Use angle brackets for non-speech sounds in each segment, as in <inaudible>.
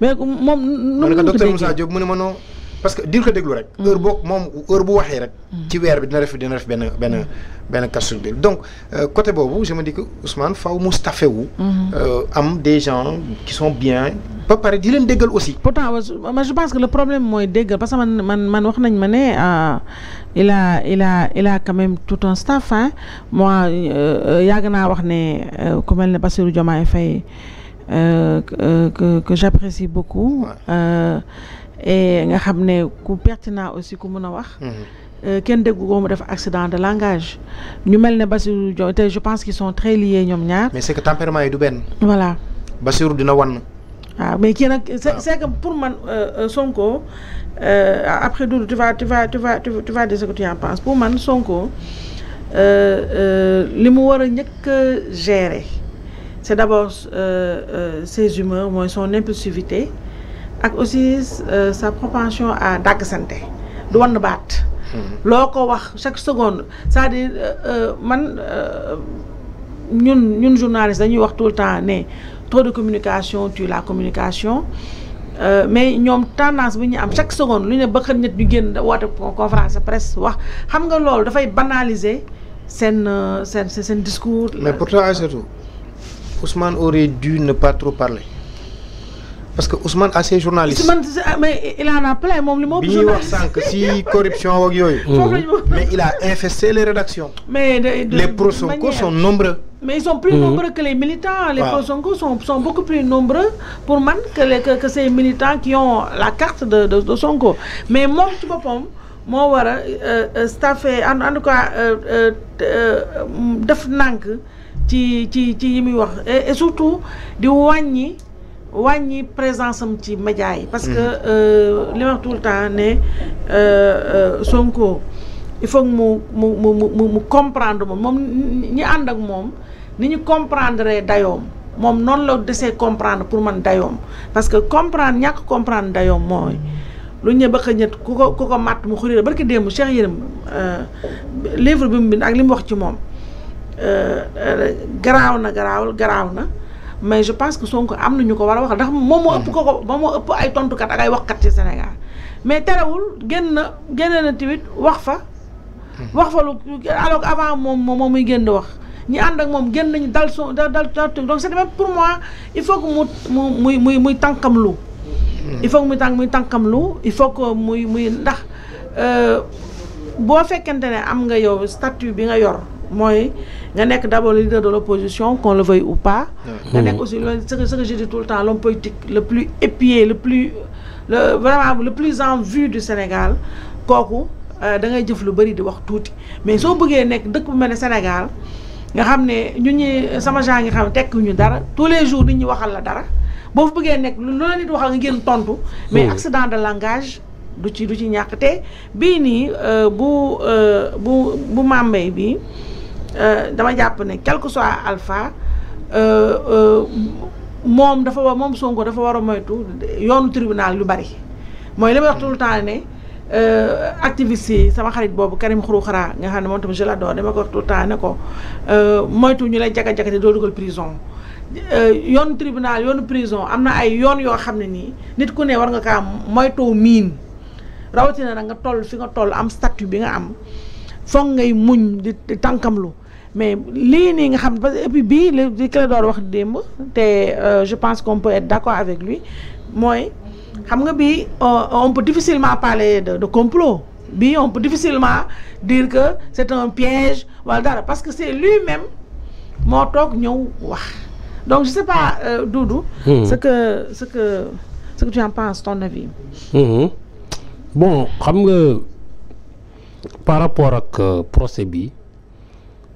mais moom. nu mu docteur Moussa Diop mune ma non parce que di ko déglu rek. Mm. heure boo moom heure bu waxee rek. Mm. ci weer bi dina ref dina ref ben ben ben casse bi donc euh, côté bobu je me dis que Ousmane faw mu staffé wu. Mm-hmm. Euh, am des gens qui sont bien. ba pare di len déggal aussi. pourtant je pense que le problème moy déggal parce que man man man wax nañ ma ne euh, il a il a il a quand même tout un staff hein moi yàgg naa wax né ku melni ne Bassirou Diomaye Faye. Euh, euh, que, que, j'apprécie beaucoup. Ouais. Euh, et nga xam ku pertinent aussi ku mën a wax. Mhm. Euh, kenn dégg ko mu def accident de langage ñu ne Bassirou je pense qu'ils sont très liés ñoom ñaar. mais c'est que tempérament yi du benn. voilà Bassirou dina wan. Ah, mais qui est ah. c'est que pour man Sonko après Doudou tu vas tu vas tu vas tu vas dire ce que tu en penses pour man Sonko euh, euh, war a njëkk gérer c'est d'abord euh, euh, ses humeurs moins son impulsivité et aussi euh, sa propension à dàggsante du de baat mhm. loo ko wax chaque seconde c'est-à-dire euh, man ñun ñun journaliste dañuy wax tout le temps né trop de communication tue la communication mais ñom tendance bi ñu am chaque seconde lu ñu ne ba de nit ñu génn woote conférence presse wax xam nga da fay banaliser sen sen seen discours. mais pourtant tout. Ousmane aurait dû ne pas trop parler parce que Ousmane a ses journalistes. Ah, mais il en a plein si corruption <laughs> mais il a infesté les rédactions. mais les pro sont nombreux. mais ils sont plus mhm. nombreux que les militants. Les prosonko sont, sont, beaucoup plus nombreux pour man que, ces militants qui ont la carte de, de, goût Sonko. Mais moi, petit peux pas. Moi, voilà, euh, euh staffé, en, tout cas, euh, euh, euh ci ci ci yi wax et surtout di wàññi wàññi présence am ci média yi. parce que mhm. euh, li ma wax tout le temps né euh, euh Sonko il faut mu mu mu mu mu comprendre mom mom ñi ànd ak moom ni ñu comprendre dayom mom non la desee comprendre pour man dayom parce que comprendre ñak comprendre dayom moy lu ñe bëgg a ñett ku mat mu xurira la barki démb Cheikh euh livre bi mu bind ak lim wax ci moom. Euh, euh, garaaw na garaawul garaaw na mais je pense que Sonko am na ñu wax ndax mom mo ëpp ko ko moom moo ëpp ay tontukat ak ay waxkat ci Sénégal mais téréwul genn na génn na tamit wax fa. wax fa lu alors avant mom mom muy génn wax ñi and ak mom genn nañu dal son dal dal donc c'est même pour moi il faut que mu muy muy muy tankam lu. il faut que muy tank muy tankam lu il faut que muy muy ndax euh bo ne am nga yow statut bi nga yor mooy nga nekk d'abord leader de l'opposition qu'on le veuille ou pas nga nekk aussi ce que je dis tout le temps l'homme politique le plus épié le plus le vraiment le plus en vue du Sénégal kooku euh, da ngay jëf lu bari di wax tuuti mais soo bëggee nekk dëkk bu mel Sénégal nga xam ñu ñi sama genre xam ne tekkuñu dara tous les jours nit ñi waxal la dara boo fa bëggee nekk lu la nit waxal nga génn tontu mais hmm. accident de langage du ci du ci ñàkk bi ni nii euh, euh, bu bu bu màmbay bi Euh, dama jàpp ne quel que soit alpha euh, euh, moom dafa war moom Sonko dafa war a moytu yoonu tribunal yu bari mooy li may wax tout le temps ne activiste yi sama xarit boobu Karim Khouroukara nga xam ne moom tamit je l'adore dama ko wax tout ne ko moytu ñu la jaga-jaga te doo dugal prison yoonu tribunal yoonu prison am na ay yoon yoo xam ne nii nit ku ne war nga am moytoo miin rawatina nag nga toll fi nga toll am statut bi nga am foog ngay muñ di tànkamlu mais euh, je pense qu'on peut être d'accord avec lui moi euh, on peut difficilement parler de complot on peut difficilement dire que c'est un piège parce que c'est lui-même donc je sais pas euh, Doudou. Hmm. ce que ce que ce que tu en penses ton avis. Hmm. bon par rapport à procès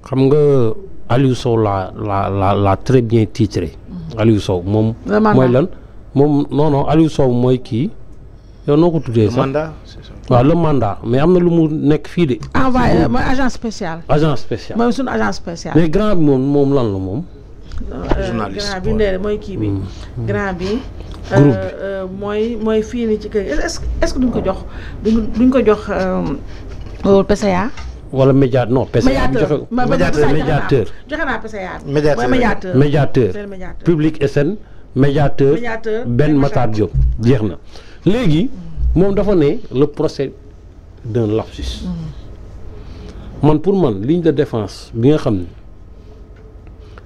xam nga Aliou Sow la la la la très bien titré. Mhm. Aliou Sow moom. mooy lan moom non non Aliou Sow mooy kii. a noo de tuddee Le mandat c'est ça. waaw le mandat mais am na lu mu nekk fii de. Ah, envoyé euh, agent spécial. agent spécial Moi mooy un agent spécial. mais grand bi moom moom lan la moom. Euh, journaliste grand bi moi qui bin. bi. Hmm. grand bi. Euh, groupe bi mooy mooy fii nii ci kër est-ce que nous Nous ko jox duñ ko jox PCA. wala médiat non. médiateur médiateur joxe naa PCA médiateur public SN médiateur Ben Matar Diop jeex na léegi moom dafa ne le procès d'un lapsus mm-hmm. man pour man ligne de défense bi nga xam ne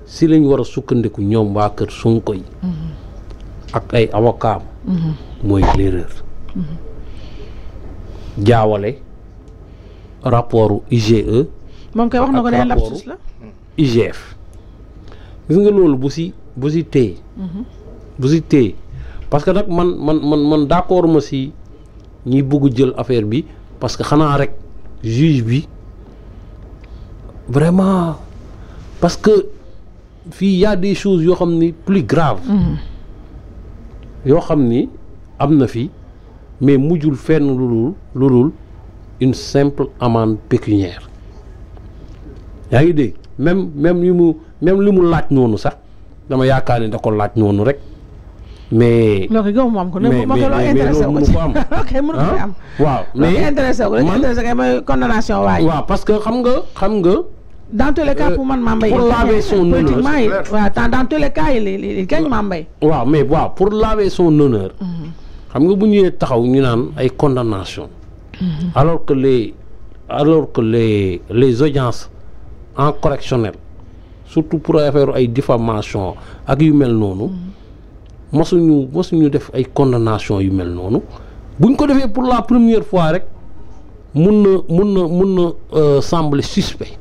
si lañ war a sukkandiku ñoom waa kër Sonko yi mm-hmm. ak ay avocat mm-hmm. mooy l'erreur jaawale rapportu IGE. moom kay wax na ko ne lapsus la IGF. gis nga loolu bu si bu si téye. Mhm. bu si téye parce que nag man man man man d'accord ma si ñiy bugg jël affaire bi parce que xanaa rek juge bi vraiment parce que fii y a yoo xam ni plus grave mhm. yoo xam ni am na fi mais mujjul fenn lu dul lu dul une simple amende pécuniaire a une idée. même même lui même lui nous Nous nous sax dama rek mais. nous mais ma mais mais mais <laughs> mais mais parce que les pour laver son honneur il mhm. mais condamnation Mm-hmm. Alors que les, alors que les, audiences en correctionnel, surtout pour faire une diffamation ak yu mel mm-hmm. def ay condamnation yu mel buñ ko pour la première fois rek suspect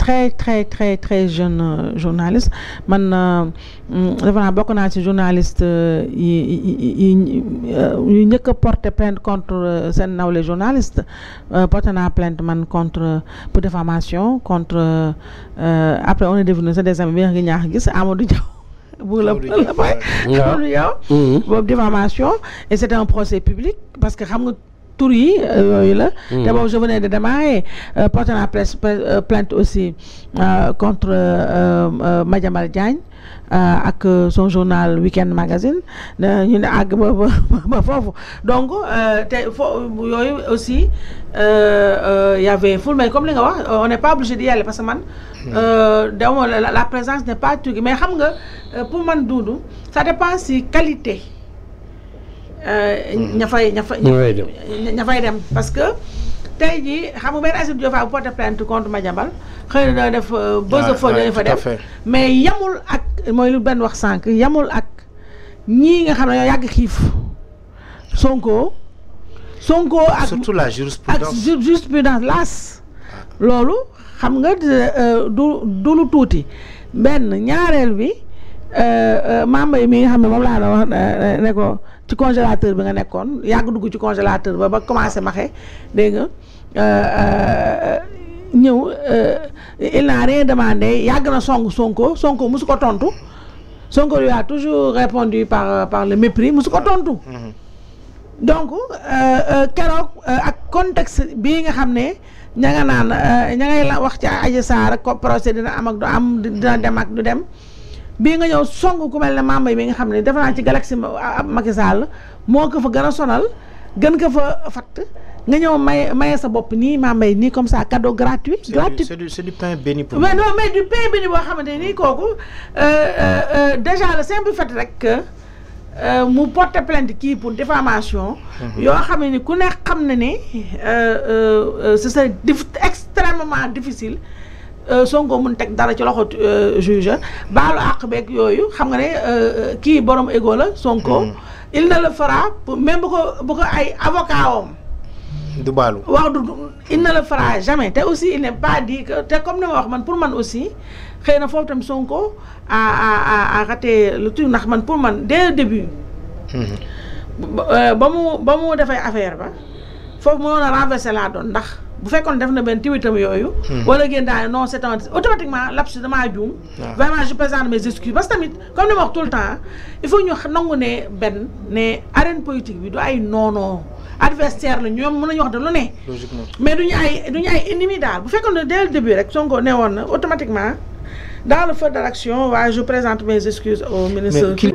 très très très très jeune journaliste man defe naa bokk naa ci journaliste yi yi yi porte porté plainte contre seen nawle journaliste porté naa plainte man contre pour déformation, contre après on est devenu des amis bi nga ñaax gis Amadou Diaw bu la la boobu et c'était un procès public parce que xam nga tur yi euh, hmm. je venais de démarrer euh, portant la presse euh, plainte aussi contre Madiambal Diagne avec son journal Weekend Magazine ñu ne àgg ba ba donc aussi il aussi y avait ful mais comme li on n'est pas obligé d'y aller parce que man hmm. dama la présence n'est pas tout. mais xam nga pour man Doudou ça dépend si qualité Euh, mhm. ña fay ña fay dem parce que tey jii xam nga benn Aïssatou Diop Fall bu porté plainte contre xëy na def bës euh, de foo dañu fa def mais yamul ak mooy lu benn wax sànq yamul ak ñii nga xam ne ñoo yàgg xiif Sonko Sonko ak surtout la jurisprudence laas loolu xam nga euh, du du tuuti benn ñaareel bi Mame Mbaye mi nga xam ne moom laa doon ne ko ci congélateur bi nga nekkoon yàgg dugg ci congélateur ba ba commencé maxe dégg nga euh, euh, ñëw euh, il n'a rien demandé yàgg na song sonko sonko musu ko tontu sonko lui a toujours répondu par par le mépris musu ko tontu mhm. donc keroog ak contexte bii nga xam ne ña nga naan ña ngay wax ci dina am ak du am dina dem ak du dem bii nga ñëw song ku mel ne Mame Mbaye bi nga xam ne defe naa ci Galaxy Macky Sall moo ko fa gën a sonal gën ko fa fat nga ñëw maye maye sa bopp nii Mame Mbaye nii comme ça cadeau gratuit. gratuit c'est du c'est du pain béni pour. mais non mais du pain nii kooku euh, euh, euh, déjà le simple fait rek mu porter plainte kii pour diffamation. Mhm. yoo xam ne ku ne xam na ne c'est extrêmement difficile. Euh, Sonko mun teg dara ci loxo euh, juge baalu àq beeg yooyu xam nga ne euh, kii borom égo la Sonko. Hmm. il ne le fera même bu ko bu ko ay avocat wam du baalu wax du il ne le fera jamais te aussi il n'est pas dit que te comme ni ma wax man pour man aussi xëy na foofu tam Sonko a a a raté le truc ndax man pour man dès le début. Hmm. ba mu ba mu defay affaire ba foofu mënoon a renverser laa doon ndax. bu fekkoon def na benn tiwitam yooyu. Hmm. wala génn daal non c'est automatiquement de ma juum. Ah. vraiment je présente mes excuses parce que comme nous mort tout le temps il faut ñu nangu ne benn ne arène politique bi du ay non adversaire la ñoom mën wax de lu ne. mais duñu ay duñu ay ennemi daal bu fekkoon dès le début rek qu'on ne on automatiquement dans le feu de l'action je présente mes excuses au ministre.